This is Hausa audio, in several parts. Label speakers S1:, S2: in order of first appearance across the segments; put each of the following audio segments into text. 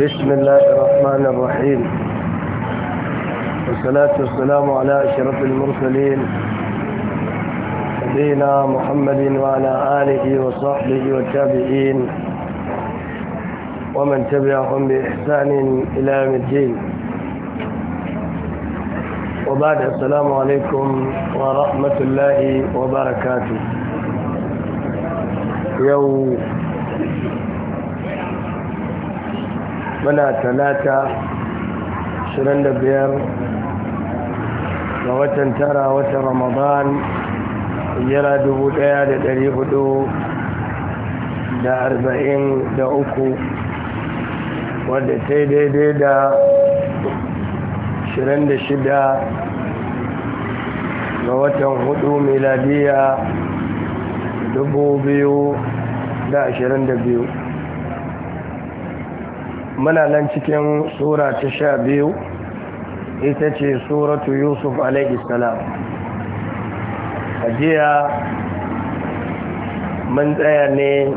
S1: بسم الله الرحمن الرحيم والصلاة والسلام على أشرف المرسلين نبينا محمد وعلى آله وصحبه والتابعين ومن تبعهم بإحسان إلى يوم الدين وبعد السلام عليكم ورحمة الله وبركاته يوم muna talata 25 ga watan tara watan ramadan yara 1443 wadda ta yi daidai da 26 ga watan hudu miladiya 2022 muna nan cikin sura ta sha biyu ita ce suratu yusuf salam a jiya mun tsaya ne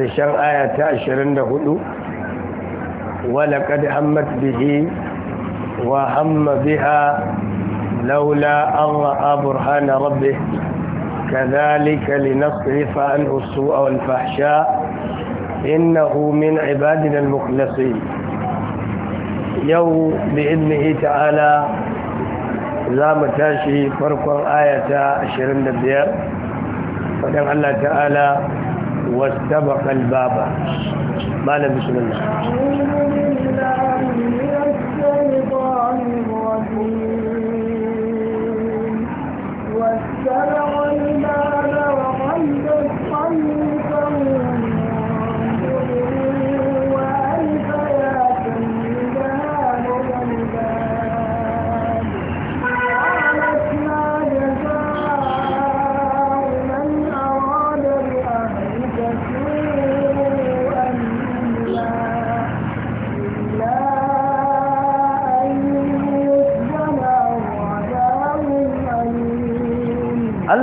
S1: rishen aya ta 24 walakad hammat bihi wa hamma biha laula an ra'a burhana rabbi كذلك لنصرف عنه السوء والفحشاء إنه من عبادنا المخلصين يو بإذنه تعالى زام تاشي فرق آية شرن البيار فقال الله تعالى واستبق الباب ما بسم الله
S2: Thank you.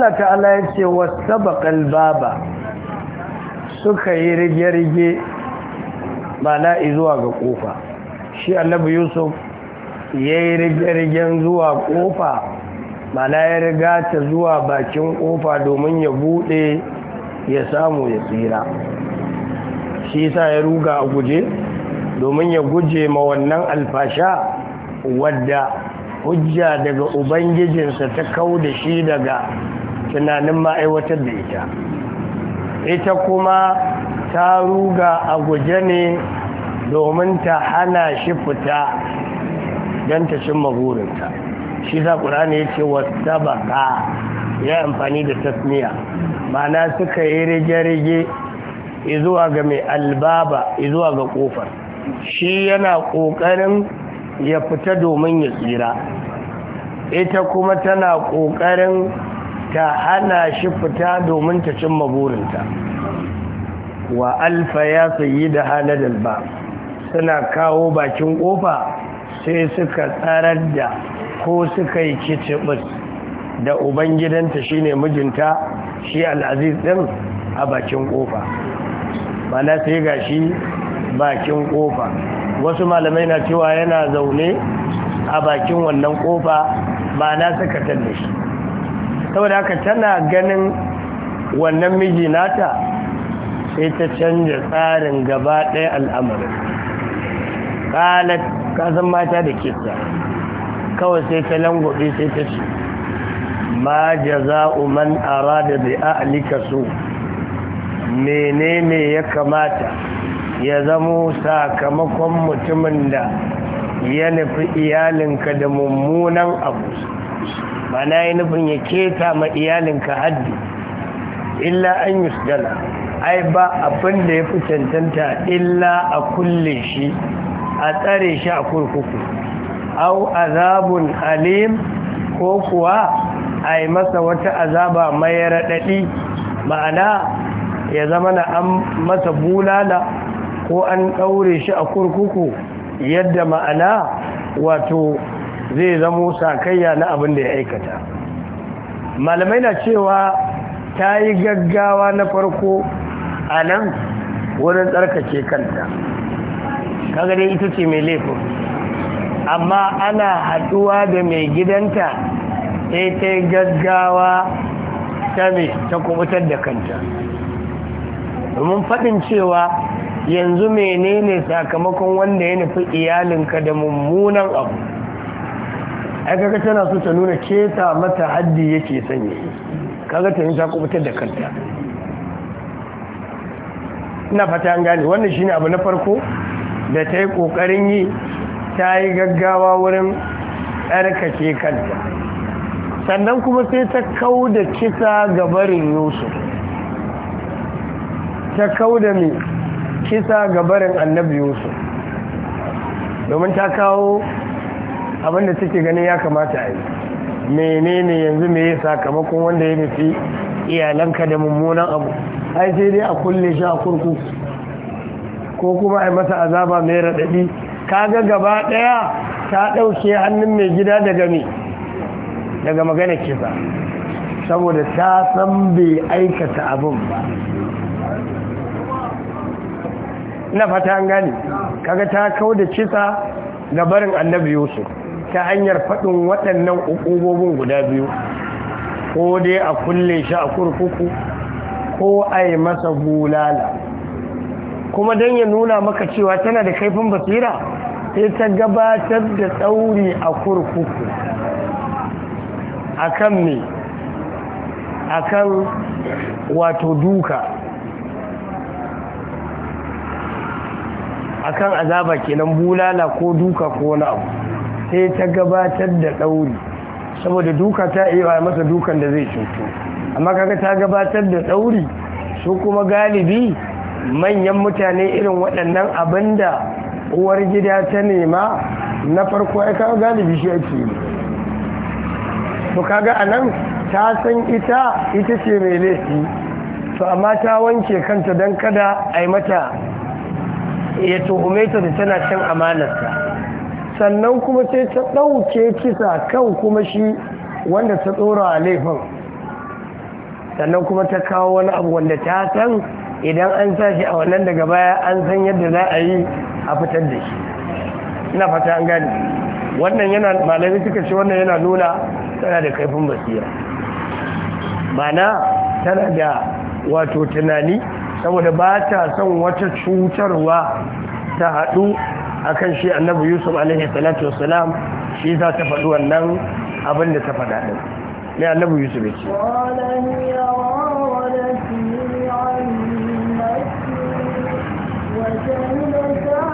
S1: Allah ta'ala ya ce wasu baƙal baba suka yi rige-rige ba yi zuwa ga ƙofa shi annabi yusuf ya yi rige-rigen zuwa ƙofa ba na ya riga ta zuwa bakin ƙofa domin ya buɗe ya samu ya tsira shi sa ya ruga a guje domin ya guje ma wannan alfasha wadda hujja daga ubangijinsa ta kau da shi daga tunanin ma aiwatar da ita ita kuma ta ruga a guje ne domin ta hana shi fita don ta cimma burinta shi za ƙurani ya ce wata baka ya amfani da tasmiya. mana suka yi rige-rige izuwa ga mai albaba izuwa ga kofar. shi yana ƙoƙarin ya fita domin ya tsira ita kuma tana ƙoƙarin ta hana shi fita domin ta cimma burinta wa alfa ya sayi da haladar ba suna kawo bakin kofa sai suka tsarar da ko suka yi kicibis da ubangidanta shi ne mijinta shi al'aziz din a bakin kofa mana sai ga shi bakin kofa wasu malamai na cewa yana zaune a bakin wannan kofa ba na suka tallashi saboda haka tana ganin wannan miji nata sai ta canja tsarin gaba ɗaya al'amarin ƙalat kasan mata da ke ta kawai sai ta langobi sai ta ce ma jaza'u man arada bi a'lika su menene ya kamata ya zama sakamakon mutumin da ya nufi iyalinka da mummunan abu mana ya nufin ya keta ma iyalinka haddi illa an yusdala ai ba abin da ya fi cancanta illa a kulle shi a tsare shi a kurkuku au azabun alim ko kuwa a yi masa wata azaba mai raɗaɗi ma'ana ya zama na an masa bulala ko an ɗaure shi a kurkuku yadda ma'ana wato zai zama sakayya na abin da ya aikata malamai na cewa ta yi gaggawa na farko a nan wurin tsarkake kanta kaga dai ita ce mai laifin amma ana haduwa da mai gidanta sai ta yi gaggawa ta mai ta kubutar da kanta domin faɗin cewa yanzu menene sakamakon wanda ya nufi iyalinka da mummunan abu ai kaga tana so ta nuna keta mata haddi yake sanye kaga ta yin ta kubutar da kanta ina fata an gane wannan shine abu na farko da ta yi kokarin yi ta yi gaggawa wurin tsarkake kanta sannan kuma sai ta kau da kisa ga barin yusuf ta kau da mai kisa ga barin annabi yusuf domin ta kawo abinda suke ganin ya kamata a yi menene yanzu me sakamakon wanda ya nufi iyalanka da mummunan abu ai sai dai a kulle shi a kurkuku ko kuma a masa azaba mai raɗaɗi ga gaba ɗaya ta ɗauke hannun mai gida daga me daga magana kisa saboda ta san bai aikata abin ba na fata an gani kaga ta kau da kisa ga barin annabi yusuf ta hanyar faɗin waɗannan ukubobin guda biyu ko dai a kulle shi a kurkuku ko a yi masa bulala kuma don ya nuna maka cewa tana da kaifin basira sai ta gabatar da tsauri a kurkuku A akan me kan wato duka A kan azaba kenan bulala ko duka ko wani abu sai ta gabatar da ɗauri saboda duka ta iya masa dukan da zai cuto amma kaga ta gabatar da ɗauri su kuma galibi manyan mutane irin waɗannan abin da uwar gida ta nema na farko ya kawo galibi shi ake yi to kaga a nan ta san ita ita ce mai laifi to amma ta wanke kanta don kada a yi mata ya tuhume ta da tana cin amanarsa sannan kuma sai ta ɗauke kisa kan kuma shi wanda ta tsora a laifin sannan kuma ta kawo wani abu wanda ta san idan an sa a wannan daga baya an san yadda za a yi a fitar da shi ina fata an gani wannan yana malami suka ce wannan yana nuna tana da kaifin basira mana tana da wato tunani saboda ba ta son wata cutarwa ta haɗu akan shi annabi yusuf alaihi salatu wassalam shi za ta faɗi wannan abin da ta faɗa ɗin ne annabi yusuf ya
S2: ce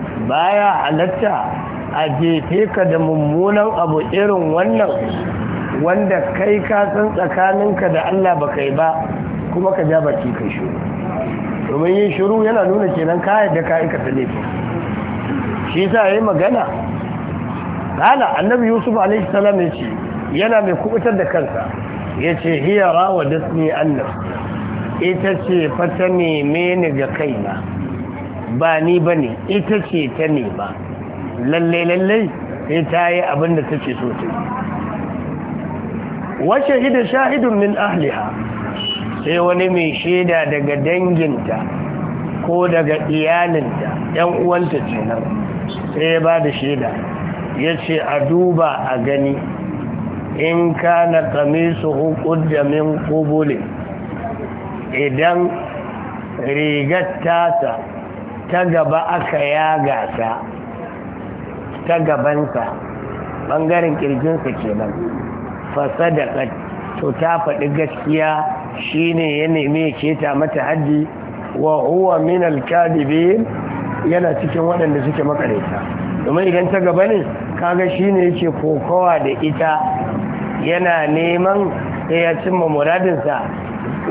S1: baya halatta a jefe ka da mummunan abu irin wannan wanda kai ka san tsakaninka da Allah ba kai ba kuma ka ja baki kai shiru domin yin shiru yana nuna kenan ka yadda ka aikata laifin shi sa yi magana kala annabi yusuf alaihi salam ya ce yana mai kubutar da kansa ya ce hiya rawa dasni annab ita ce fata neme ni ga kaina ba ni ba ne ita ce ta nema lalle lalle sai ta yi abin da take so ta wa shahida shahidun min ahliha sai wani mai shaida daga danginta ko daga iyalinta yan uwanta ce kenan sai ya ba da shaida ya ce a duba a gani in kame kamisu hukun jamin kobole idan rigar tasa ta gaba aka yaga ta ta gabanta ɓangaren ƙirjinsa kenan fasadaqat to ta faɗi gaskiya shi ne ya nemi ya keta mata haddi wa huwa min al yana cikin waɗanda suke makareta domin idan ta gaba ne kaga shi ne yake kokowa da ita yana neman da ya cimma muradinsa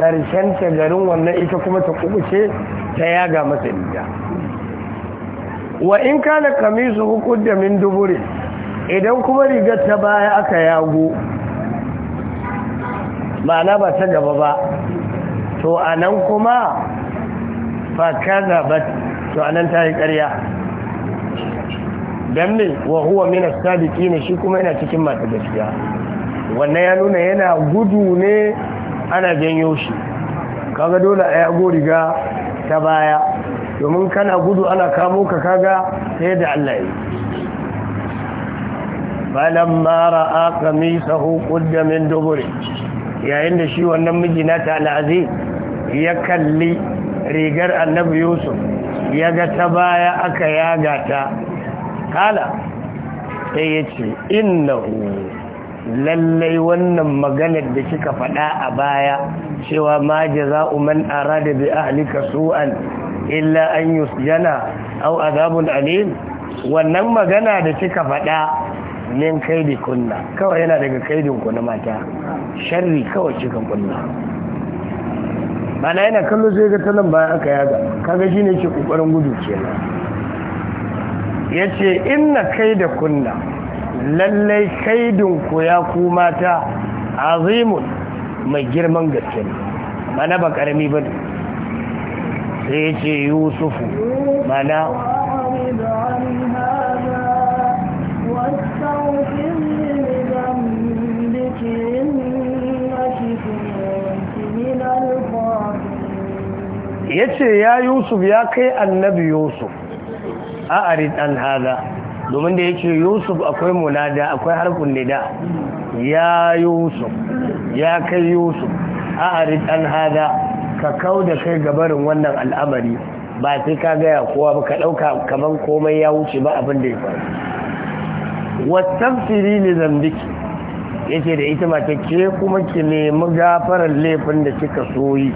S1: ƙarshen tagarin garin wannan ita kuma ta kubuce ta yaga masa riga wa in ka kana kamisu hukud da min duburin idan kuma rigar ta baya aka yago ma'ana ba ta gaba ba to a nan kuma fakada ba to a nan ta yi karya, don ne wa huwa mina sadiki ne shi kuma yana cikin masu gaskiya wannan ya nuna yana gudu ne ana janyo shi kaga dole a yago riga ta baya domin kana gudu ana kamo ka kaga sai da Allah yi balan mara a kamisa hukun min dubure yayin da shi wannan na ta al'azi ya kalli rigar annabi yusuf ya ga ta baya aka yaga ta kala sai ya ce innahu lallai wannan maganar da kika faɗa a baya cewa ma jaza'u man arada bi ahlika su'an illa an yusjana aw azabun alim wannan magana da kika faɗa min kaidi kunna kawai yana daga kaidin ku na mata sharri kawai kika kunna mana yana kallo sai ga talan bayan aka yaga kaga shine ke kokarin gudu kenan yace inna kaida kunna lallai kaidin ku ya ku mata azimun mai girman gaske mana ba karami ba sai ya ce yusuf mana ya ce ya yusuf ya kai annabi yusuf a arid an haza domin da ya ce yusuf akwai munada akwai harkun nida ya yusuf ya kai yusuf a arid an haza ka kau da kai gabarin wannan al'amari ba sai ka gaya kowa ba ka ɗauka kamar komai ya wuce ba abin da ya faru wasafsiri ne zambiki ya da ita mata ke kuma ki nemi gafarar laifin da kika soyi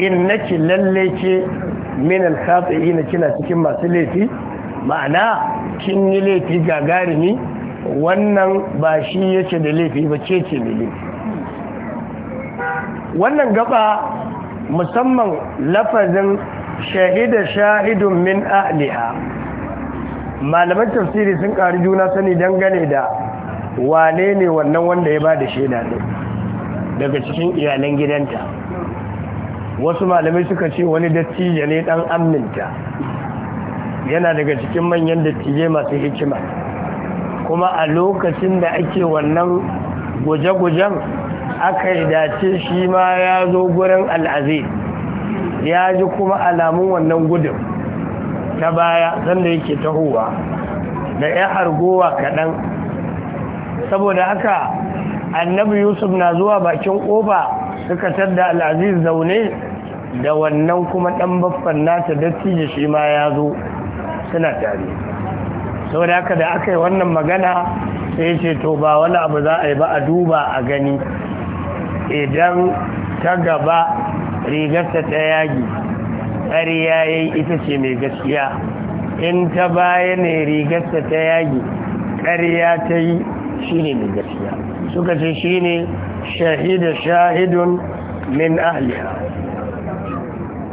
S1: in ki lalle ce min kafa na kina cikin masu laifi ma'ana kin yi laifi gagarumi wannan ba shi yake da laifi ba ce ce mai laifi wannan gaba musamman lafazin shahida shahidun min ahliha malaman tafsiri sun ƙari juna sani dangane da wane ne wannan wanda ya ba da shaida ne daga cikin iyalan gidanta wasu malamai suka ce wani dattijo ne dan aminta yana daga cikin manyan dattijai masu hikima kuma a lokacin da ake wannan guje-gujen aka yi dace shi ma ya zo gurin al'aziz ya ji kuma alamun wannan gudun ta baya sanda yake tahowa da ya hargowa kaɗan saboda haka annabi yusuf na zuwa bakin ƙofa suka tadda al'aziz zaune da wannan kuma ɗan baffan nata dattijo shi ma ya zo suna tare saboda haka da aka yi wannan magana sai ce to ba wani abu za a yi ba a duba a gani idan ta gaba rigarta ta yagi ƙariya ya yi ita ce mai gaskiya in ta baya ne rigarta ta yagi ƙariya ta yi shi ne mai gaskiya suka ce shi ne shahida shahidun min ahliya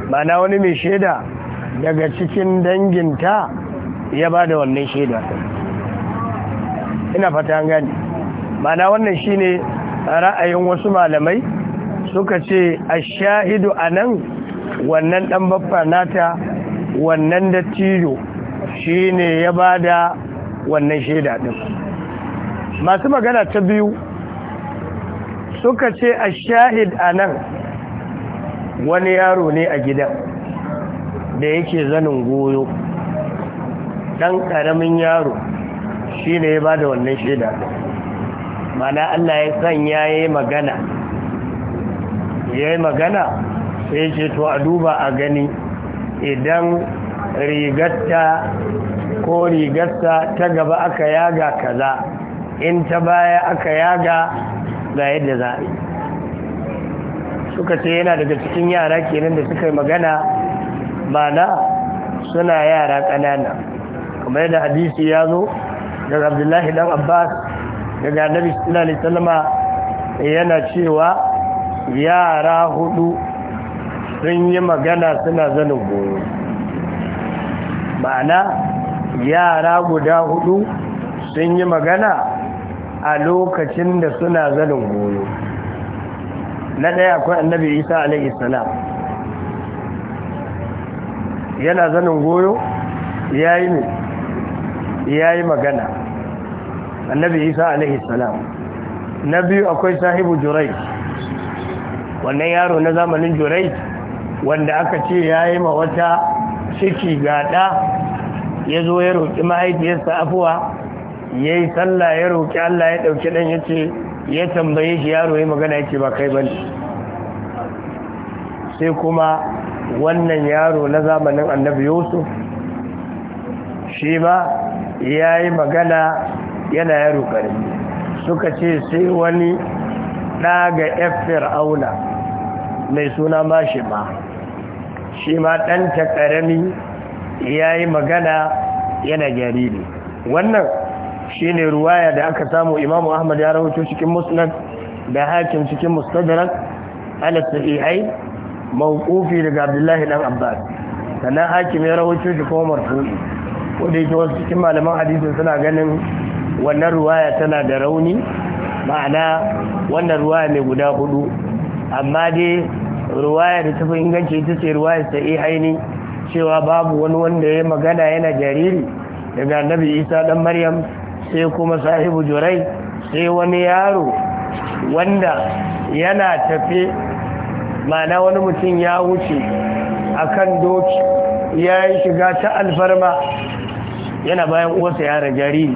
S1: mana wani mai shaida daga cikin danginta ya ba da wannan shaida ina fata gani mana wannan shi ne ra'ayin wasu malamai suka ce a shahidu a nan wannan ɗan babba nata wannan dattijo shi ne ya ba da wannan shaida ɗin masu magana ta biyu suka ce a shahid a nan wani yaro ne a gidan da yake zanin goyo ɗan ƙaramin yaro shi ne ya ba da wannan shaida ɗin mana Allah ya sanya ya yi magana ya magana sai ce to a duba a gani idan rigatta ko rigarsa ta gaba aka yaga kaza in ta baya aka yaga ga yadda za a yi suka ce yana daga cikin yara kenan da suka yi magana mana suna yara ƙanana kamar yadda hadisi ya zo daga abdullahi dan abbas daga nabi sallallahu alaihi wasallama yana cewa yara hudu sun yi magana suna zanin goyo ma'ana yara guda hudu sun yi magana a lokacin da suna zanin goyo na ɗaya akwai annabi isa alaihi salam yana zanin goyo ya yi magana annabi isa alaihi salam na biyu akwai sahibu jurai wannan yaro na zamanin jurai wanda aka ce ya yi ma wata ciki gada ya zo ya roƙi mahaifiyarsa afuwa ya yi sallah ya roƙi allah ya ɗauki ɗan ya ce ya tambaye shi yaro ya magana yake ba kai bane sai kuma wannan yaro na zamanin annabi yusuf shi ma ya yi magana yana yaro ƙarfi suka ce sai wani ɗaga efir auna mai suna shi ma shi ma ɗanta ƙarami ya yi magana yana ne wannan shine ne ruwaya da aka samu imamu ahmad ya rahoto cikin musnad da hakim cikin mustadrak ala sahihai mawqufi daga abdullahi dan abbas sannan hakim ya rahoto shi kuma marfu'i ko da wasu cikin malaman hadisin suna ganin wannan ruwaya tana da rauni ma'ana wannan ruwaya mai guda hudu amma dai ruwaya da tafi inganci ita ce ruwaya ta haini cewa babu wani wanda ya magana yana jariri daga nabi isa dan maryam sai kuma sahibu jurai sai wani yaro wanda yana tafe ma'ana wani mutum ya wuce a kan doki ya yi shiga ta alfarma yana bayan uwarsa yara jariri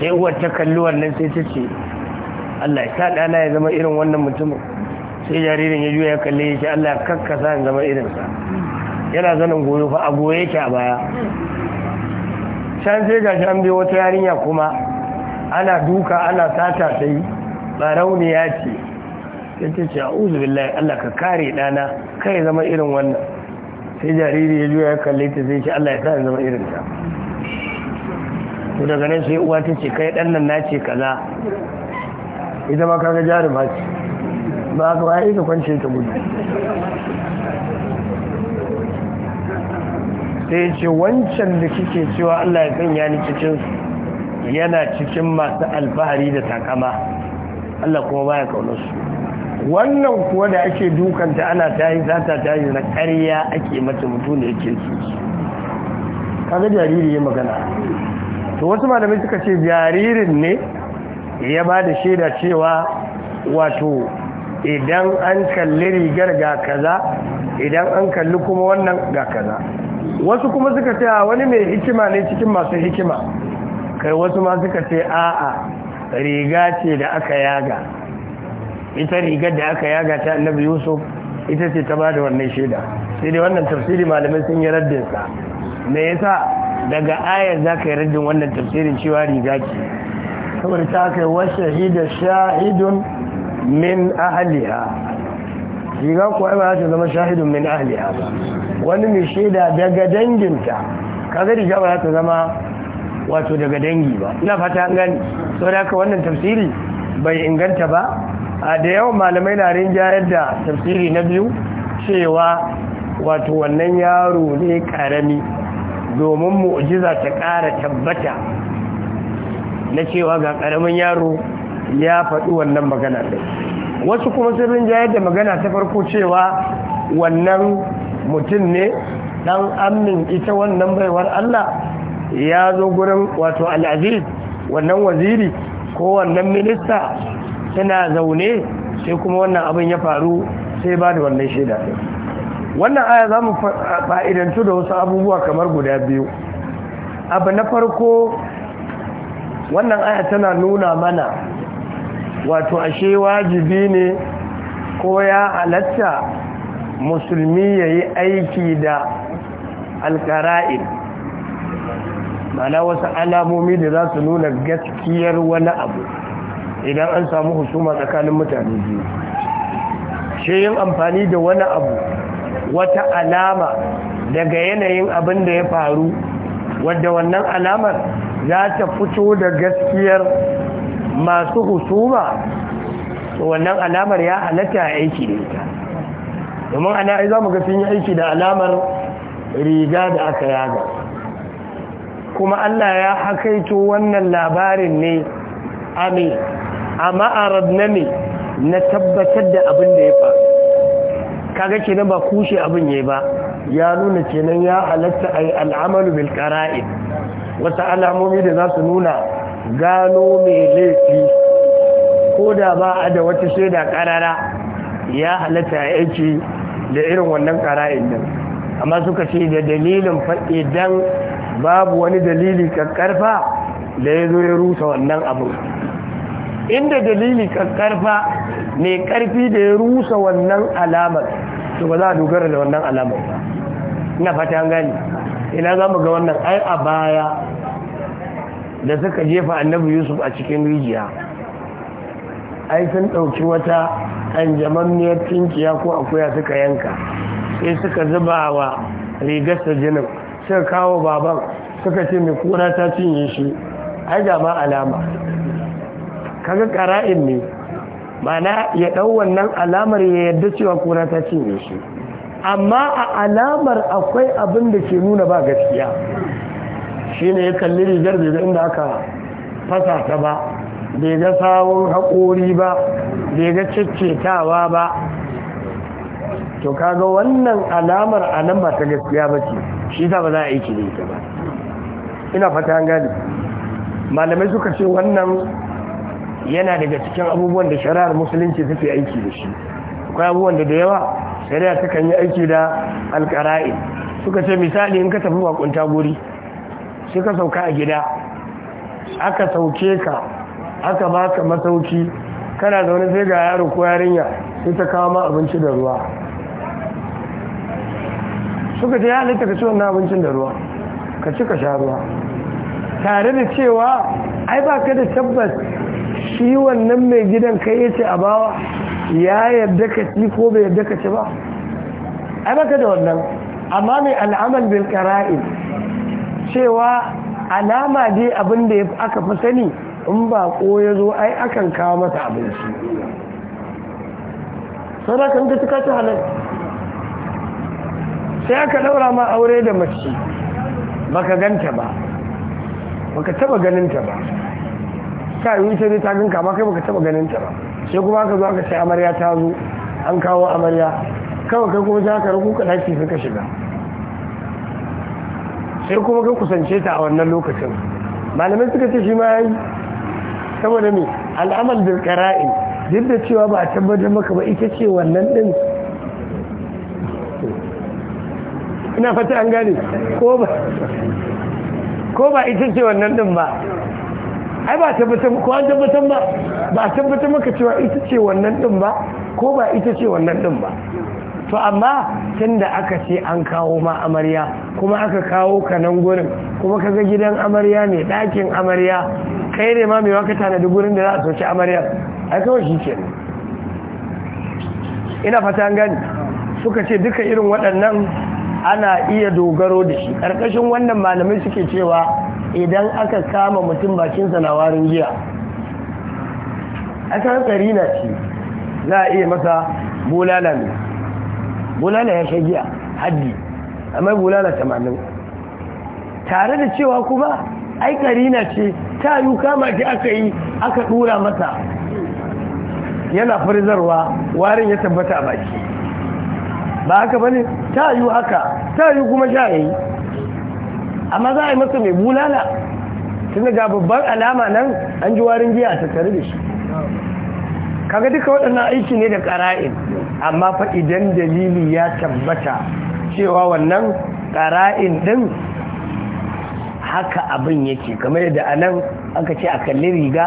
S1: sai uwar ta kalli wannan sai ta ce Allah ya sa ɗana ya zama irin wannan mutumin sai jaririn ya juya ya kalle ya ce Allah kakkasa in zama irinsa yana zanen goyo fa a goye yake a baya can sai gashi an biyo wata yarinya kuma ana duka ana sata ta yi barauniya ce sai ta ce a uzu billahi Allah ka kare ɗana kai zama irin wannan sai jariri ya juya ya kalle ta sai ce Allah ya sa in zama irinsa to daga nan sai uwa ta ce kai dan nan na ce kaza ita ma kaga jaruma ce ba ka ba ita kwance ta gudu sai ce wancan da kike cewa Allah ya sanya ni cikin yana cikin masu alfahari da takama Allah kuma baya kaunar su wannan kuwa da ake dukanta ana tayi zata tayi na ƙarya ake mata mutum da yake su kaga jariri ya magana to wasu malamai suka ce jaririn ne ya ba da shaida cewa wato idan an kalli rigar ga kaza idan an kalli kuma wannan ga kaza wasu kuma suka ce wani mai hikima ne cikin masu hikima kai wasu ma suka ce a'a riga ce da aka yaga ita rigar da aka yaga ta annabi yusuf ita ce ta ba da wannan shaida sai dai wannan tafsiri malamai sun yi raddinsa me yasa daga ayar za ka yi rajin wannan tafsirin cewa riga ce saboda ta kai wasu shahida shahidun min ahaliya riga kuwa ba za ta zama shahidun min ahaliya ba wani mai shaida daga danginta ka ga riga ba za ta zama wato daga dangi ba ina fata an gani saboda haka wannan tafsiri bai inganta ba a da yawan malamai na rinjayar da tafsiri na biyu cewa wato wannan yaro ne karami domin mu'jiza ta ƙara tabbata na cewa ga ƙaramin yaro ya faɗi wannan magana ɗin wasu kuma sun rinjayar yadda magana ta farko cewa wannan mutum ne ɗan amin ita wannan baiwar Allah ya zo gurin wato al'aziz wannan waziri ko wannan minista tana zaune sai kuma wannan abin ya faru sai ba da wannan shaida ɗin wannan aya za mu fa'idantu da wasu abubuwa kamar guda biyu abu na farko wannan aya tana nuna mana wato ashe wajibi ne ko ya halatta musulmi ya yi aiki da alkara'in mana wasu alamomi da za su nuna gaskiyar wani abu idan an samu husuma tsakanin mutane biyu shi yin amfani da wani abu wata alama daga yanayin abin da ya faru wadda wannan alamar za ta fito da gaskiyar masu husuma wannan alamar ya halatta aiki da ita domin ana za mu ga sun yi aiki da alamar riga da aka yaga kuma Allah ya hakaito wannan labarin ne a a ma'arar na tabbatar da abin da ya faru kaga kenan ba kushe abin yayi ba ya nuna kenan ya halatta ay al'amal bil qara'in wata alamomi da za su nuna gano mai laifi ko da ba a da wata shaida karara ya halatta ay aiki da irin wannan qara'id din amma suka ce da dalilin faɗi idan babu wani dalili kakkarfa da ya zo ya rusa wannan abu inda dalili kakkarfa ne karfi da ya rusa wannan alamar to ba za a dogara da wannan alamar ina fata an gani ina za mu ga wannan ai a baya da suka jefa annabi yusuf a cikin rijiya ai sun ɗauki wata ƙanjamammiyar tinkiya ko akuya suka yanka sai suka zuba wa rigarsa jinin suka kawo baban suka ce mai kura ta cinye shi ai da ma alama kaga ƙara'in ne mana ya ɗau wannan alamar ya yarda cewa kura ta cinye shi amma a alamar akwai abin da ke nuna ba gaskiya shi ne ya kalli rigar da inda aka fasa ta ba bai ga sawun haƙori ba bai ga ciccetawa ba to kaga wannan alamar a nan ba ta gaskiya ba ce shi ta ba za a yi da ita ba ina fata an gani malamai suka ce wannan yana daga cikin abubuwan da shari'ar musulunci take aiki da shi akwai abubuwan da yawa shari'a takan yi aiki da alƙara'i suka ce misali in ka tafi bakunta guri sai ka sauka a gida aka sauke ka aka baka masauki kana zaune sai ga yaro ko yarinya sai ta kawo ma abinci da ruwa suka ce ya halitta ka ci wannan abincin da ruwa ka ci ka sha ruwa tare da cewa ai ba ka da tabbas shi wannan mai gidan kai ya ce a bawa ya yarda ka ci ko bai yarda ka ci ba ai baka da wannan amma mai al'amal bil kara'i cewa alama dai abin da aka fi sani in ba ko ya zo ai akan kawo masa abinci sadakan ka cika ta halal sai aka daura ma aure da mace baka ganta ba baka taba ganinta ba ka yi ita dai ta ginka amma kai baka taba ganin ta ba sai kuma ka zo ka sai amarya ta zo an kawo amarya kawai kai kuma za ka ruku ka daki ka shiga sai kuma ka kusance ta a wannan lokacin malamai suka ce shi ma yayi saboda me al'amal bil qara'in duk da cewa ba a tabbatar maka ba ita ce wannan din ina fata an gane ko ba ko ba ita ce wannan din ba ai ba tabbatar ko an tabbatar ba ba tabbatar maka cewa ita ce wannan din ba ko ba ita ce wannan din ba to amma tunda aka ce an kawo ma amarya kuma aka kawo kanan nan gurin kuma kaga gidan amarya ne ɗakin amarya kai ne ma mai waka tanadi gurin da za a soci amaryar ai kawai shi ke ina fata gani suka ce duka irin waɗannan ana iya dogaro da shi ƙarƙashin wannan malamai suke cewa idan aka kama mutum bakinsa na warin giya tsari na ce za a iya masa bulala ne bulala ya shagiya haddi amma bulala tamanin tare da cewa kuma ai karina ce ta yi kama ta aka yi aka dura mata yana farzarwa warin ya tabbata a baki ba haka bane ta yi haka ta yi kuma sha yi. amma za a yi masa mai bulala tun daga babban alama nan an ji warin giya ta tare da shi kaga duka waɗannan aiki ne da ƙara'in amma fa idan dalili ya tabbata cewa wannan ƙara'in ɗin haka abin yake kamar yadda a nan aka ce a kalli riga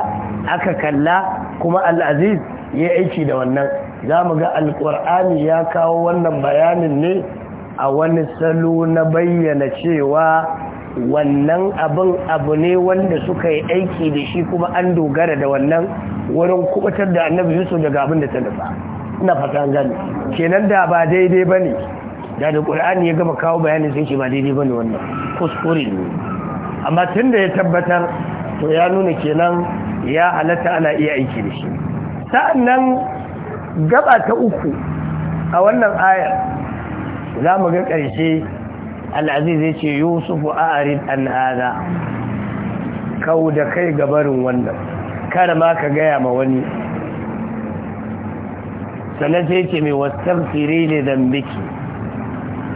S1: aka kalla kuma al'aziz ya aiki da wannan za mu ga alƙur'ani ya kawo wannan bayanin ne a wani salo na bayyana cewa wannan abin abu ne wanda suka yi aiki da shi kuma an dogara da wannan wurin kubutar da annabi yusuf daga abin da ta nufa ina fatan gani kenan da ba daidai ba ne da da ƙur'ani ya gama kawo bayanin sai ce ba daidai ba ne wannan kuskure ne amma tun da ya tabbatar to ya nuna kenan ya halatta ana iya aiki da shi sa'annan gaba ta uku a wannan ayar za mu ga ƙarshe al'aziz ya ce yusufu a'arid an aza. kau da kai gabarin wannan kada ma ka gaya ma wani sannan sai ce mai wasan fire ne biki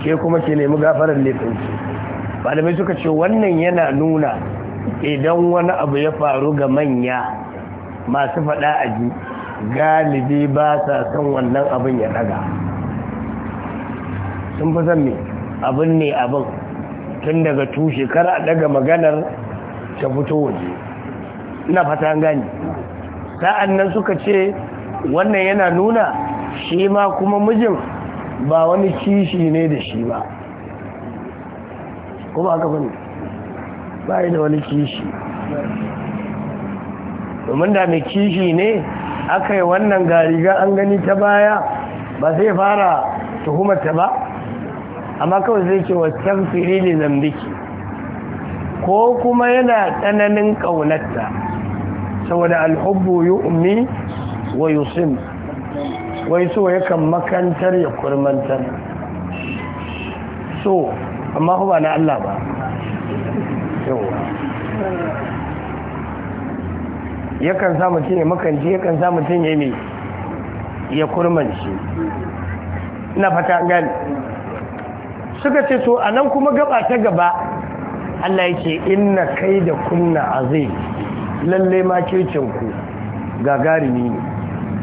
S1: ke kuma ke nemi gafarar laifinsu malamai suka ce wannan yana nuna idan wani abu ya faru ga manya masu faɗa aji galibi ba sa son wannan abin ya daga sun fi zan me abin ne abin tun daga tushe kar a daga maganar ta fito waje ina fata gani sa'an nan suka ce wannan yana nuna shi ma kuma mijin ba wani kishi ne da shi ba kuma aka bane ba yi da wani kishi domin da mai kishi ne aka yi wannan gariga an gani ta baya ba zai fara tuhumarta ba amma kawai zai ce wa tamfiri ne zambiki ko kuma yana tsananin ƙaunarta saboda alhubu yi ummi wa yusim wai so yakan makantar ya kurmantar so amma ba na Allah ba yawa yakan sa mutum ya makanci yakan sa mutum ya ne ya kurmanci ina fata gani suka ce to a nan kuma gaba ta gaba Allah yake inna kai da kunna azai lalle makircin ku gagarumi ne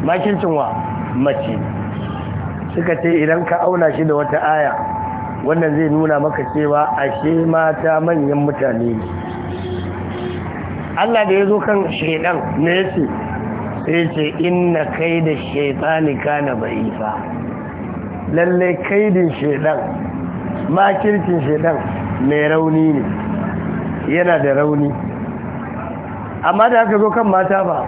S1: makircin wa mace suka ce idan ka auna shi da wata aya wannan zai nuna maka cewa ashe mata manyan mutane ne Allah da ya zo kan shaidan ne yace sai ce inna kai da na ba ba'ifa lalle kaidin shaidan makircin shaidan mai rauni ne yana da rauni amma da aka zo kan mata ba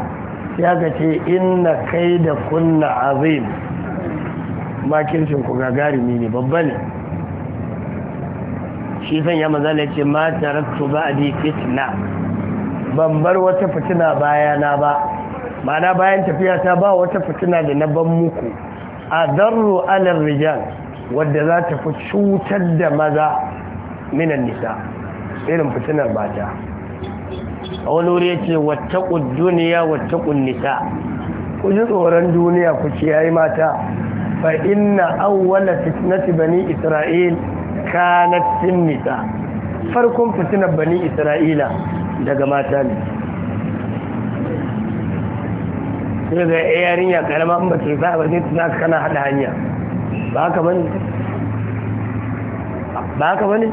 S1: ya ga ce inna kai da kunna azim makircin ku gagarumi ne babba ne shi zan ya maza ce ma tarattu ba a di fitna ban bar wata fitina bayana ba ma'ana bayan tafiya ta ba wata fitina da na ban muku a darru alar rijal wadda za ta fi cutar da maza minan nisa irin fitinar mata a wani wuri ya ce wattaƙun duniya wattaƙun nisa ku ji tsoron duniya ku kiyaye mata fa inna awwala fitnati bani isra'il kanat nisa farkon fitinar bani isra'ila daga mata ne sai ga yarinya karama in ba ta ta kana hada hanya ba haka bane ba haka bane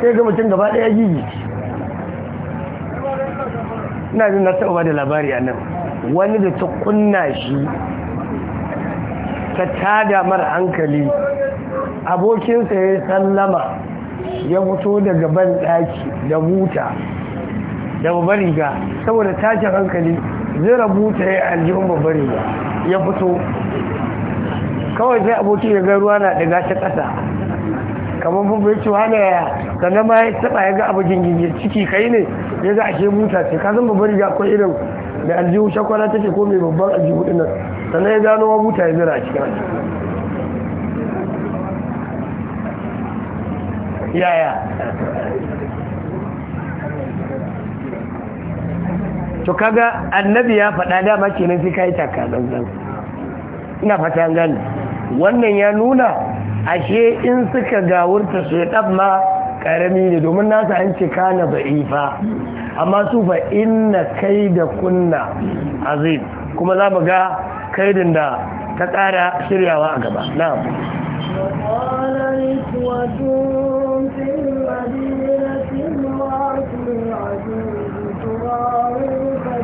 S1: sai ga gaba ɗaya gigi ina jin na taɓa da labari a nan wani da ta kunna shi ta tada mara hankali abokinsa ya sallama ya fito daga ban daki da buta da babbar riga saboda tashin hankali zira buta ya aljihun babbar riga ya fito kawai sai abokin ya ga ruwa na daga ta ƙasa kamar babbar ci hana ya sannan ma ya taɓa ya ga abu gingingir ciki kai ne ya ga buta ce kasan babbar riga akwai irin da aljihu shakwara take ko mai babban aljihu ɗin nan sannan ya gano buta ya zira a cikin
S3: yaya to
S1: kaga annabi ya faɗa dama kenan sai yi taka zanzan ina fata gani wannan ya nuna ashe in suka gawurta shaytan ma karami ne domin nasa an ce kana ba'ifa amma su fa kai da kunna azim kuma za mu ga kaidin da ta ƙara shiryawa a gaba na'am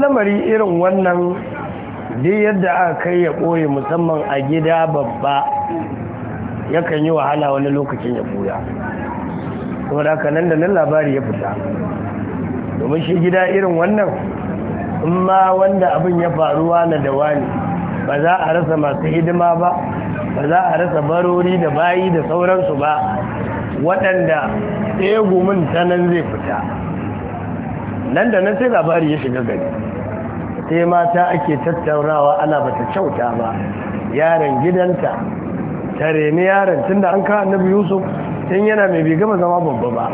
S1: lamari irin wannan duk yadda aka kai ya ɓoye musamman a gida babba yakan yi wahala wani lokacin ya ɓoya kuma da haka nan da nan labari ya fita domin shi gida irin wannan in ma wanda abin ya faruwa na da ne, ba za a rasa masu hidima ba ba za a rasa barori da bayi da sauransu ba waɗanda ɗaya gumin ta nan zai fita nan da nan sai labari ya shiga gari sai mata ake tattaunawa ana bata kyauta ba yaron gidanta ta reni yaron da an kawo annabi yusuf tun yana mai bi gama zama babba ba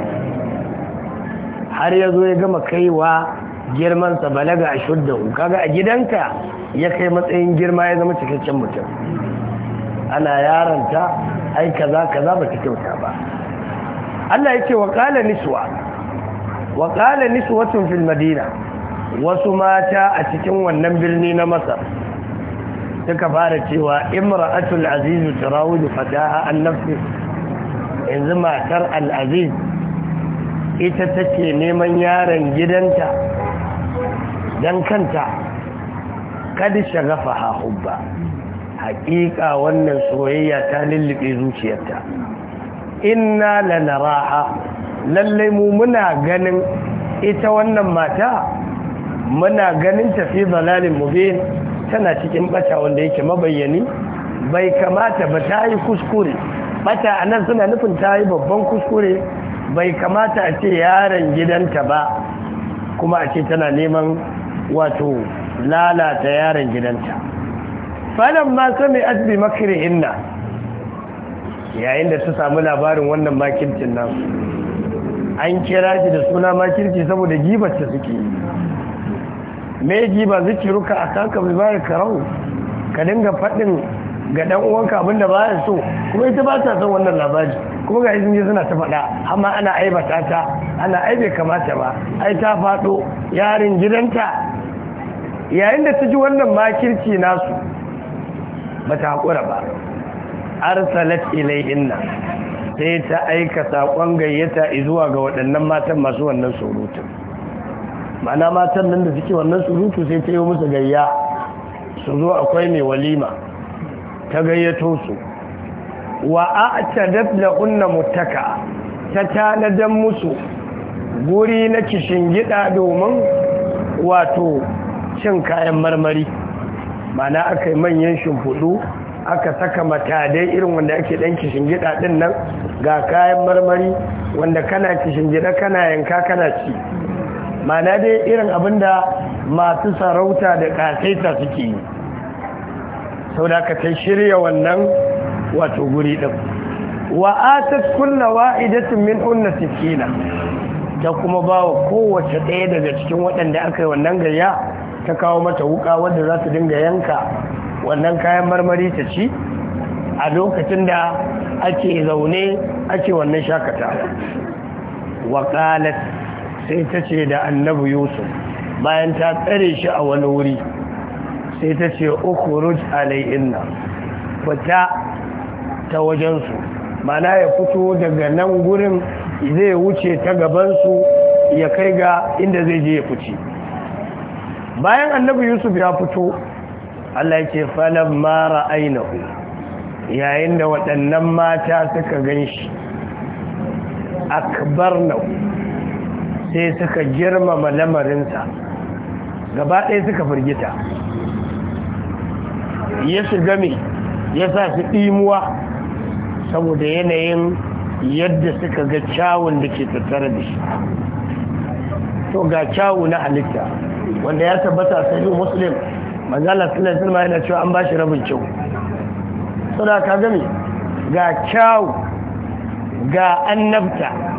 S1: har ya zo ya gama kaiwa girmansa balaga a shuddahu kaga a gidanka ya kai matsayin girma ya zama cikakken mutum ana yaranta ai kaza kaza ba ta kyauta ba Allah ya ce wa ƙala niswa wa qala tun fil madina wasu mata a cikin wannan birni na masar suka fara cewa imra'atul azizu turawidu fataha an nafsi yanzu matar al'aziz ita take neman yaron gidanta don kanta kada shagafa ha haƙiƙa wannan soyayya ta lullube zuciyarta inna lanaraha lallai mu muna ganin ita wannan mata muna ganin tafi zalalin mubin tana cikin bata wanda yake mabayyani bai kamata ba ta yi kuskure bata a nan suna nufin ta yi babban kuskure bai kamata a ce yaron gidanta ba kuma a ce tana neman wato lalata yaron gidanta falon ma sami asibi makiri inna yayin da ta samu labarin wannan makircin nan an kira shi da suna makirci saboda gibar ta suke yi meji ba zikiruka a kanka bai bayar karau ka dinga faɗin ga dan uwanka abinda baya so kuma ita ba ta son wannan labari kuma ga izin je suna ta faɗa amma ana aiba ta ana aibe kamata ba ai ta faɗo yarin gidanta yayin da ta ji wannan makirci nasu ba ta haƙura ba arsalat inna sai ta aika sakon gayyata zuwa ga waɗannan matan masu wannan surutun ma'ana matan nan da suke wannan surutu sai ta yi musu gayya su zo akwai mai walima ta gayyato su wa a ta da unna mutaka ta tanadan musu guri na kishin gida domin wato cin kayan marmari mana aka yi manyan shimfudu aka saka matadai irin wanda ake dan kishin gida din nan ga kayan marmari wanda kana kishin gida kana yanka kana ci mana dai irin abin da masu sarauta da kasaita suke yi sau da ka ta shirya wannan wato guri ɗin wa ta kulla wa'idatin min unna sikina ta kuma ba wa kowace ɗaya daga cikin waɗanda aka yi wannan gayya ta kawo mata wuka wadda za su dinga yanka wannan kayan marmari ta ci a lokacin da ake zaune ake wannan shakata wa ƙalat sai ta ce da annabi yusuf bayan ta tsare shi a wani wuri sai ta ce ukuruj alayhinna fita ta wajensu mana ya fito daga nan gurin zai wuce ta gabansu ya kai ga inda zai je ya fice bayan annabi yusuf ya fito Allah ya ce falon mara ainihu yayin da waɗannan mata suka gan shi akbar na sai suka girmama lamarinsa gaba ɗaya suka firgita ya shiga mai ya sa su ɗimuwa saboda yanayin yadda suka ga cawun da ke tattara da shi to ga cawu na halitta wanda ya tabbata a sai muslim manzala sunan sulma yana cewa an ba shi rabin kyau saboda ka gami ga cawu, ga annabta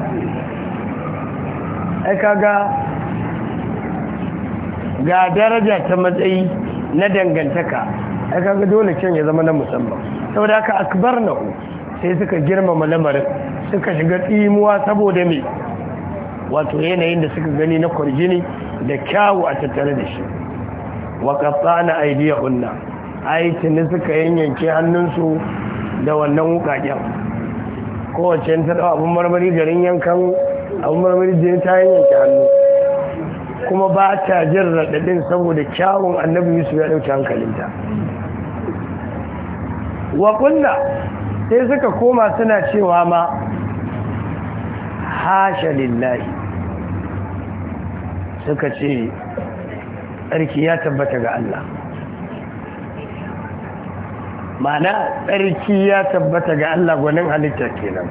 S1: aika kaga ga daraja ta matsayi na dangantaka ai ga dole can ya zama na musamman saboda aka akbar na sai suka girmama lamarin suka shiga tsimuwa saboda mai wato yanayin da suka gani na kwarjini da kyawu a tattare da shi waƙafa na aidiya hunna da suka yanyanke hannunsu da wannan wukaken kowace ta ɗau abin marmari garin yankan abin marmari jini ta yanke hannu kuma ba ta jin raɗaɗin saboda kyawun annabi yusuf ya ɗauki hankalinta wa kunna sai suka koma suna cewa ma hasha lillahi suka ce tsarki ya tabbata ga Allah mana tsarki ya tabbata ga Allah gwanin halitta kenan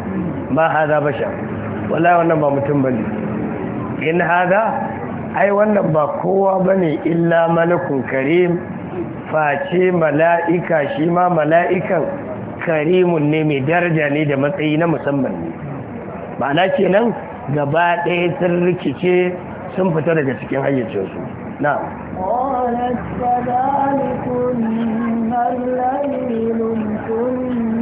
S1: ba haza ba shafi wallahi wannan ba mutum ne. in hada ai wannan ba kowa ne illa malakun karim face mala'ika shi ma mala'ikan karimun ne mai daraja ne da matsayi na musamman ne ma'ana kenan gaba ɗaya sun rikice sun fita daga cikin hayyacinsu na
S2: قالت فذلكن الذي لمكن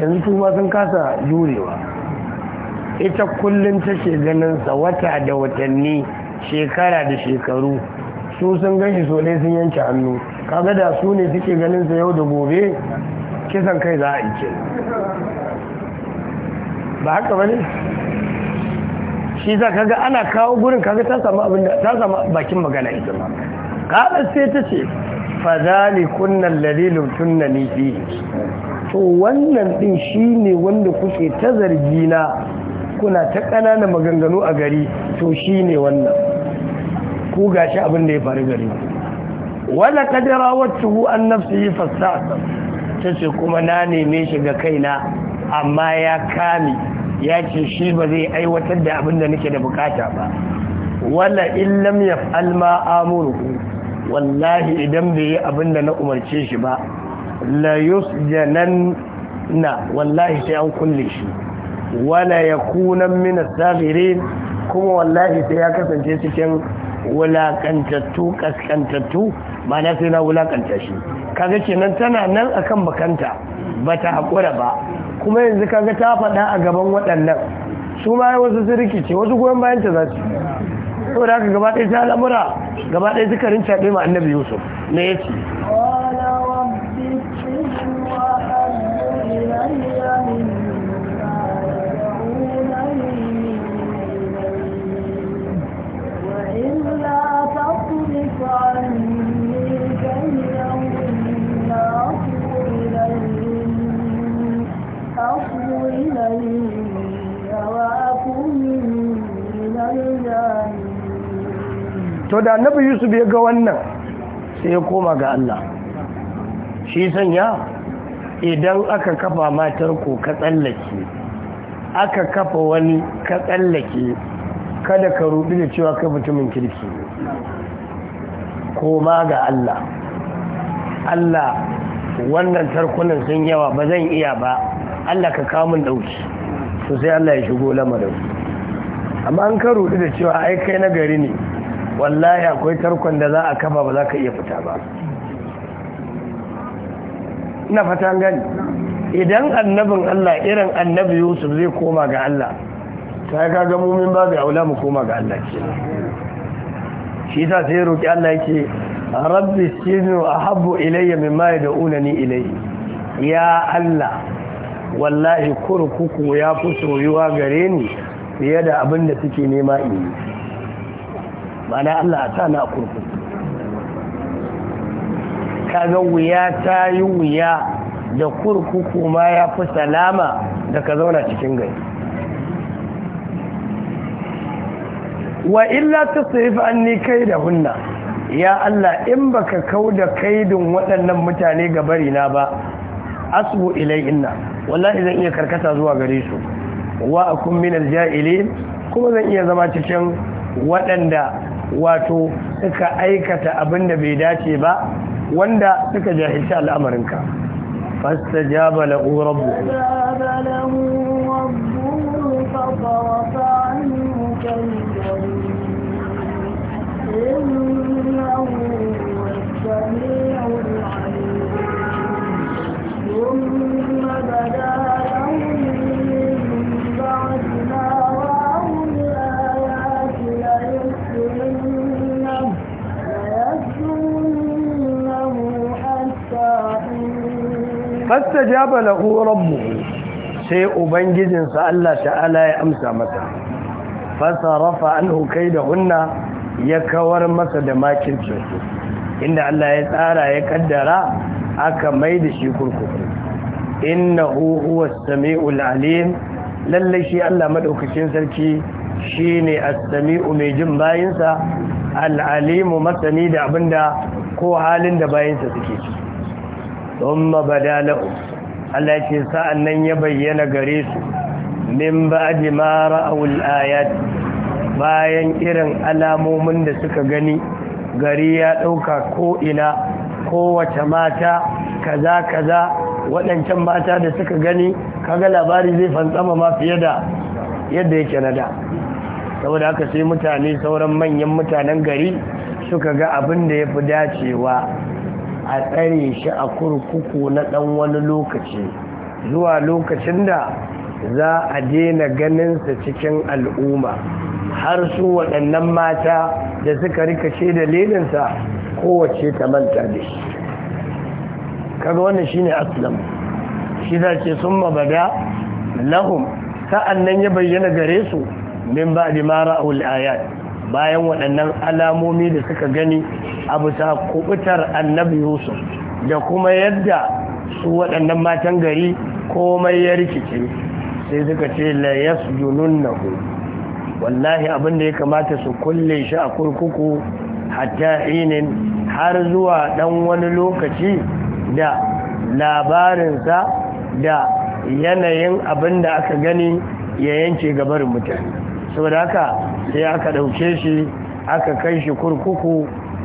S1: yanzu su ma sun kasa jurewa ita kullum take ganin sa wata da watanni shekara da shekaru su sun ganshi so ne sun yanke hannu kaga da su ne suke ganin sa yau da gobe kisan kai za a yi ke ba haka ba ne shi za kaga ana kawo gurin kaga ta samu abin da ta samu bakin magana ita ma kaɗa sai ta ce fazali kunnan lalilun tunnani fi to wannan din shi ne wanda kuke ta zargi na kuna ta ƙananan maganganu a gari to shi ne wannan ku gashi abin da ya faru gari wala kadara wacce an nafsihi ta ce kuma na neme shi ga kaina amma ya kame ya ce shi ba zai aiwatar da abin da nake da bukata ba wala in lam yaf'al amuru wallahi idan bai yi abin da na umarce shi ba Layus la na wallahi sai an kulle shi wala yakunan min as kuma wallahi sai ya kasance cikin wulakantattu kaskantattu ba na sai na wulakanta shi kaga kenan tana nan akan bakanta bata haƙura ba kuma yanzu kaga ta faɗa a gaban waɗannan su ma wasu su rikice wasu goyon bayan ta za su saboda haka gaba ɗaya ta al'amura gaba ɗaya suka rinca ma annabi yusuf na yaki. to da annabi yusuf ya ga wannan sai ya koma ga Allah shi sanya idan aka kafa matar ku ka tsallake aka kafa wani ka tsallake kada ka rubi da cewa kai mutumin kirki koma ga Allah Allah wannan tarkunan sun yawa ba zan iya ba Allah ka kawo min dauki to sai Allah ya shigo lamarin amma an ka rubi da cewa ai kai na gari ne wallahi akwai tarkon da za a kafa ba za ka iya fita ba na fata gani idan annabin Allah irin annabi Yusuf zai koma ga Allah ta ka ga mumin ba zai aula mu koma ga Allah shi ta sai roki Allah yake rabbi sinu ahabbu ilayya mimma yad'unani ilayhi ya Allah wallahi kurkuku ya fi soyuwa gare ni fiye da abin da suke nema in yi mana Allah a sana a kurkuku kaga wuya ta yi wuya da kurkuku ma ya fi salama da ka zauna cikin gari wa illa ta saifi an ni kai da hunna ya Allah in baka kau da kaidin waɗannan mutane ga barina ba asubu ilai inna wallahi zan iya karkata zuwa gare su wa akun min aljahilin kuma zan iya zama cikin waɗanda wato suka aikata abin da bai dace ba wanda suka jahilci al'amarinka fasta jaba la'u rabbu
S2: ثم بدا
S1: fastajaba lahu rabbuhu sai ubangijinsa Allah ta'ala ya amsa masa fasarafa da hunna ya kawar masa da makin su inda Allah ya tsara ya kaddara aka mai da shi kurkuku innahu huwas samiul alim lalle shi Allah madaukakin sarki shine as-sami'u mai jin bayinsa al-alimu masani da abinda ko halin da bayinsa suke ciki don mabada la'u Allah ce sa'an nan ya bayyana gare su min ba ji mara ayat bayan irin alamomin da suka gani gari ya ɗauka ko'ina kowace mata kaza kaza waɗancan mata da suka gani kaga labari zai fantsama ma fiye da yadda yake nada da saboda haka sai mutane sauran manyan mutanen gari suka ga abin da ya fi dacewa a tsare shi a kurkuku na ɗan wani lokaci zuwa lokacin da za a daina sa cikin al'umma har su waɗannan mata da suka rikace dalilinsa kowace ta manta da shi kaga wannan shine aslam shi za ce sun mabada lahum sa'an nan ya bayyana gare su min ba da mara ayat bayan waɗannan alamomi da suka gani abu ta kubutar annabi yusuf da kuma yadda su waɗannan matan gari komai ya rikice sai suka ce la ku wallahi abin ya kamata su kulle shi a kurkuku hatta inin har zuwa ɗan wani lokaci da labarinsa da yanayin abinda aka gani ya yanke gabar mutane saboda haka sai aka ɗauke shi aka kai shi kurkuku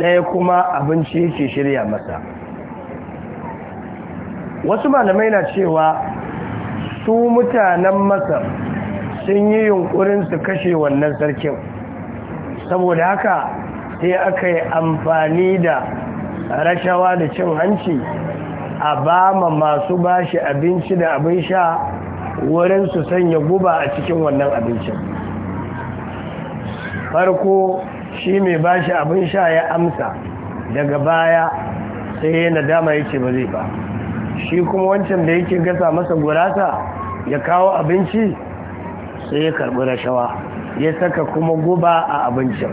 S1: ɗaya kuma abinci yake shirya masa wasu malamai na cewa su mutanen masar sun yi yunkurin su kashe wannan sarkin saboda haka sai aka yi amfani da rashawa da cin hanci a bama masu bashi abinci da abin sha wurin su sanya guba a cikin wannan abincin farko shi mai ba shi abin sha ya amsa daga baya sai ya nadama ya ce ba zai ba shi kuma wancan da yake gasa masa gurasa ya kawo abinci sai ya karɓi rashawa ya saka kuma guba a abincin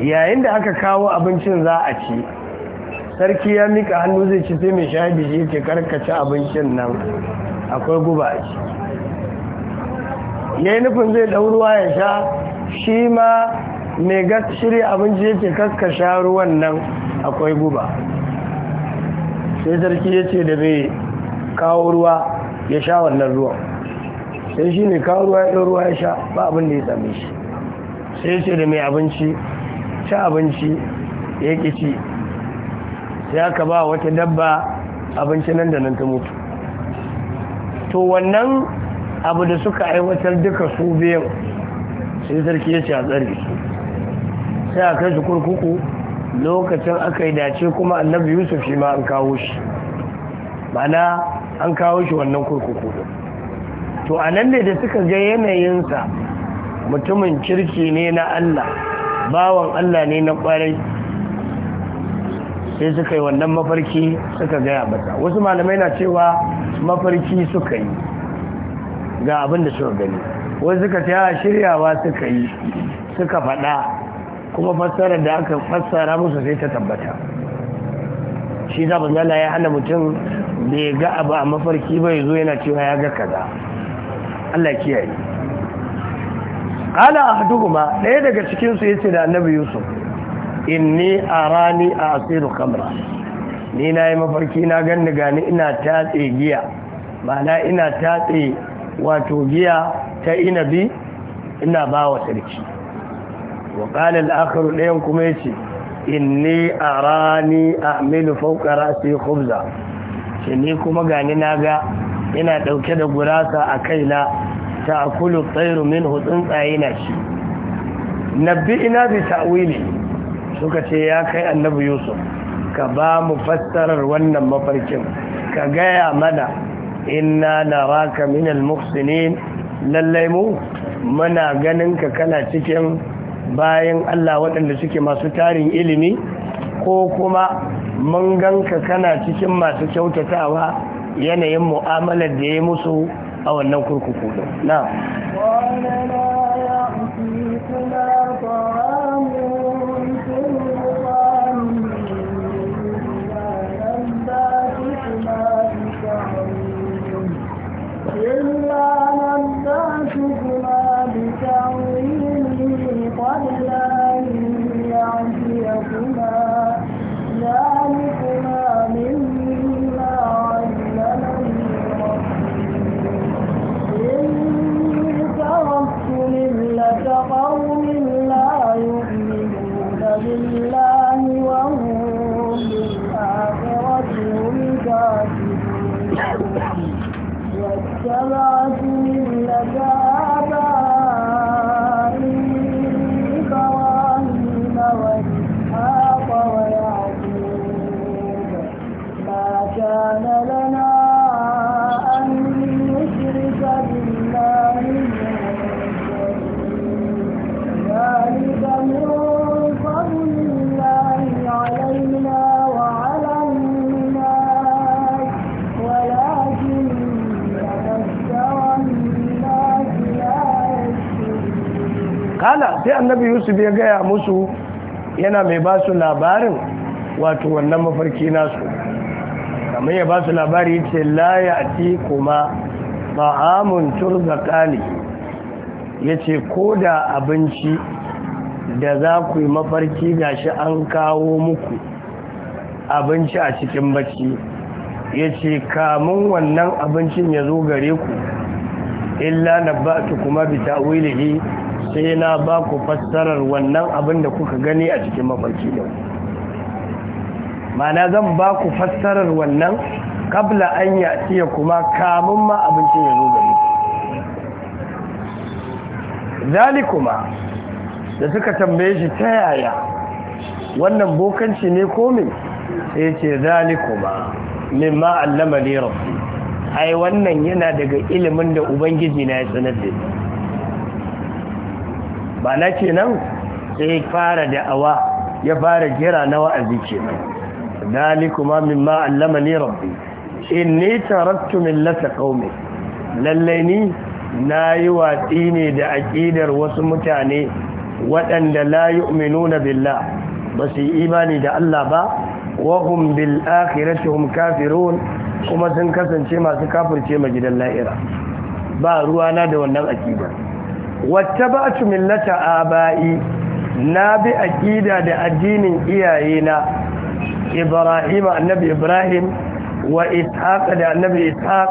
S1: yayin da aka kawo abincin za a ci sarki ya mika hannu zai ci sai mai shahadi shi yake karkace abincin nan akwai guba a ci ya yi nufin zai ɗauruwa ya sha shi ma mai gas shirya abinci yake kaskasha ruwan nan akwai guba sai sarki ya ce da mai kawo ruwa ya sha wannan ruwan sai shi ne kawo ruwa ya ɗau ruwa ya sha ba abin da ya same shi sai ya ce da mai abinci ci abinci ya yi ci sai aka ba wata dabba abinci nan da nan ta mutu to wannan abu da suka aiwatar duka su biyan sai sarki ya ce a tsari sai a kai su kurkuku lokacin aka yi dace kuma annabi yusuf shi ma an kawo shi mana an kawo shi wannan kurkuku to a nan ne da suka ga yanayinsa mutumin kirki ne na allah bawan allah ne na kwarai sai suka yi wannan mafarki suka gaya bata wasu malamai na cewa mafarki suka yi ga abin da suka gani wasu suka ta shiryawa suka yi suka faɗa kuma fassarar da aka fassara musu sai ta tabbata shi za zala ya hana mutum bai ga abu a mafarki ba ya zo yana cewa ya ga kaza Allah kiyaye ala ma ɗaya daga cikin su yace da annabi yusuf inni arani a asiru kamra ni na yi mafarki na ganni gani ina tatse giya ma'ana ina tatse wato giya ta inabi ina bawa wa sarki wa qala al-akhar dayan kuma yace inni arani ahmilu fawqa ra'si khubza shi ni kuma gani naga ina ɗauke da gurasa a kaina ta'kulu at-tayru minhu na shi nabbi ina bi ta'wili suka ce ya kai annabi yusuf ka bamu fassarar wannan mafarkin ka gaya mana inna naraka minal muhsinin lallai mu muna ganin ka kana cikin bayan Allah waɗanda suke masu tarin ilimi ko kuma mun ganka kana cikin masu kyautatawa yanayin mu'amalar da ya musu a wannan kurkuku na yusuf ya gaya musu yana mai ba su labarin wato wannan mafarki nasu kamar ya ba su labari ce laye a ti kuma ma'amun turzakani ya ce ko da abinci da za ku yi mafarki gashi an kawo muku abinci a cikin bacci ya ce kamun wannan abincin ya zo gare ku illa na ba kuma bi ta'wilihi sai na ba ku fassarar wannan abin da kuka gani a cikin mafarki yau mana zan ba ku fassarar wannan kabla an yaci ya kuma kamun ma abincin ya zo gari zalikuma da suka tambaye shi ta yaya wannan bokanci ne komi sai ce zalikuma mimma allama ne rafi ai wannan yana daga ilimin da ubangiji na ya sanar da ba na kenan sai fara da'awa ya fara jira na wa'azi kenan dalikuma mimma ne rabbi inni taraktu millata qaumi Lallai ni yi watsi ne da aƙidar wasu mutane waɗanda la yu'minuna billah ba su imani da Allah ba wa hum bil kafirun kuma sun kasance masu kafirce ma gidan la'ira ba ruwana da wannan aƙidar. ba wattaba'tu millata aba'i na bi aqida da addinin iyaye na ibrahim annabi ibrahim wa ishaq da annabi ishaq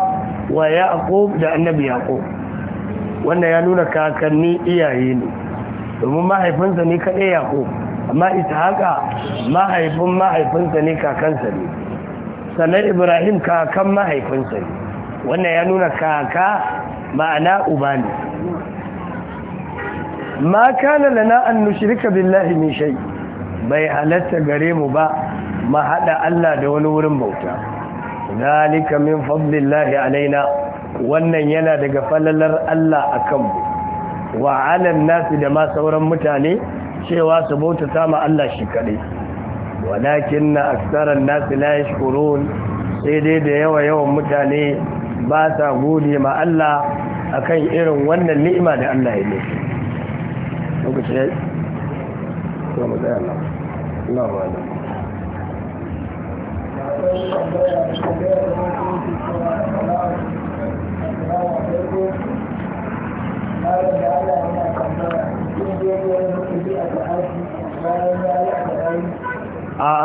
S1: wa yaqub da annabi yaqub wannan ya nuna kakanni iyaye ne domin mahaifinsa ne kaɗai yaqub amma ishaqa mahaifin mahaifinsa ne kakansa ne sannan ibrahim kakan mahaifinsa ne wannan ya nuna kaka ma'ana uba ne ma kana lana an nushrika billahi min shay bai halatta gare mu ba ma hada Allah da wani wurin bauta zalika min fadlillahi alaina wannan yana daga falalar Allah akan mu wa ala nasi da ma sauran mutane cewa su ta ma Allah shi kadai walakin na aksaran nasi la yashkurun sai dai da yawa yawan mutane ba sa gode ma Allah akan irin wannan ni'ima da Allah ya yi a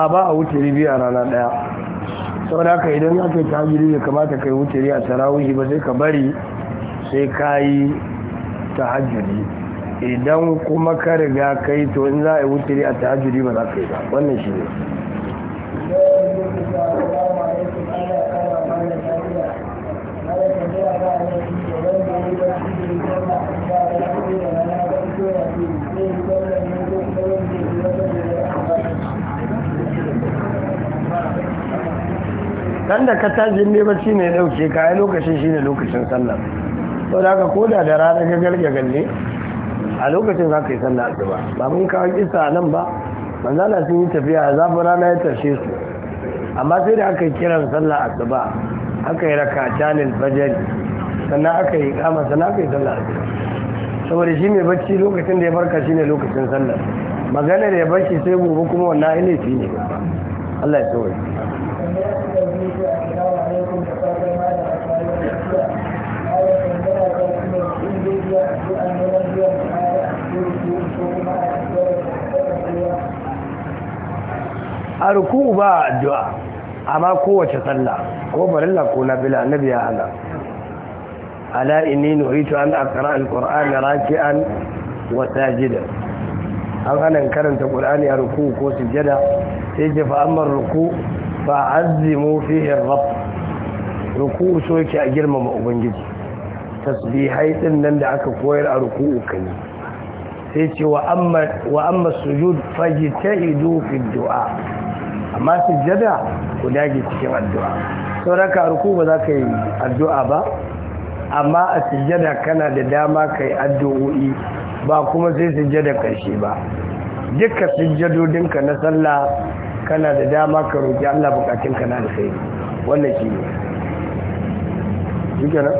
S1: ba a wuce ribi a rana daya sau da haka idan aka yi hajji ribi kamata yi wuce a tarawihi ba sai ka bari sai ka yi ta tahajjudi idan kuma ka riga kai to in za a yi wuturi a tahajjudi ba za ka yi ba wannan shi ne dan da ka tajin ne ba shi ne dauke kayan lokacin shi ne lokacin sallah saboda da aka koda da rana ga gagal ne a lokacin za ka yi sallah asuba ba mun kawo kisa nan ba manzala sun yi tafiya zafin rana ya tashe su amma sai da aka yi kiran sallah asuba aka yi raka canin fajar sannan aka yi kama sannan aka yi sallah asuba saboda shi mai bacci lokacin da ya farka shi ne lokacin sallah magana da ya bacci sai gobe kuma wannan ilifi ne Allah ya tsawai a ruku'u ba a addu'a amma kowace sallah ko barilla ko nafila annabi ya hana ala inni nuhitu an aqra alqur'ana raki'an wa sajidan an hana karanta qur'ani a ruku'u ko sujada sai ce fa amma ruku fa azzimu fihi rabb ruku'u so yake a girmama ubangiji tasbihai din nan da aka koyar a ruku'u kai sai ce wa amma sujud fajtahidu fi du'a amma sujjada ku dage cikin addu'a ka ruku ba za ka yi addu'a ba amma a sujjada kana da dama ka yi addu'o'i ba kuma sai sujjada karshe ba dukkan sujjadodinka na sallah kana da dama ka roƙi Allah bukatun ka na kai wannan shi ne shikenan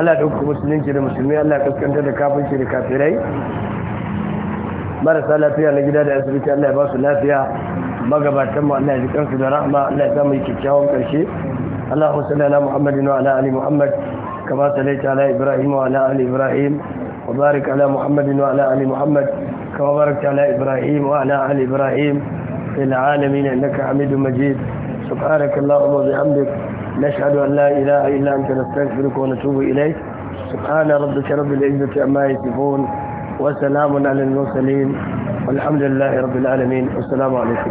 S1: Allah da hukumar musulunci da musulmi Allah ya kaskanta da kafinci da kafirai marasa lafiya na gida da asibiti Allah ya ba su lafiya magabatan mu Allah ya jikan su da rahma Allah ya samu kyakkyawan karshe Allahu salli ala Muhammadin wa ala ali Muhammad kama sallaita ala Ibrahim wa ala ali Ibrahim wa barik ala Muhammadin wa ala ali Muhammad kama barakta ala Ibrahim wa ala ali Ibrahim fil alamin innaka Hamidum Majid subhanaka Allahumma wa bihamdik نشهد أن لا إله إلا أنت نستغفرك ونتوب إليك سبحان ربك رب العزة عما يصفون وسلام على المرسلين والحمد لله رب العالمين والسلام عليكم ورحمة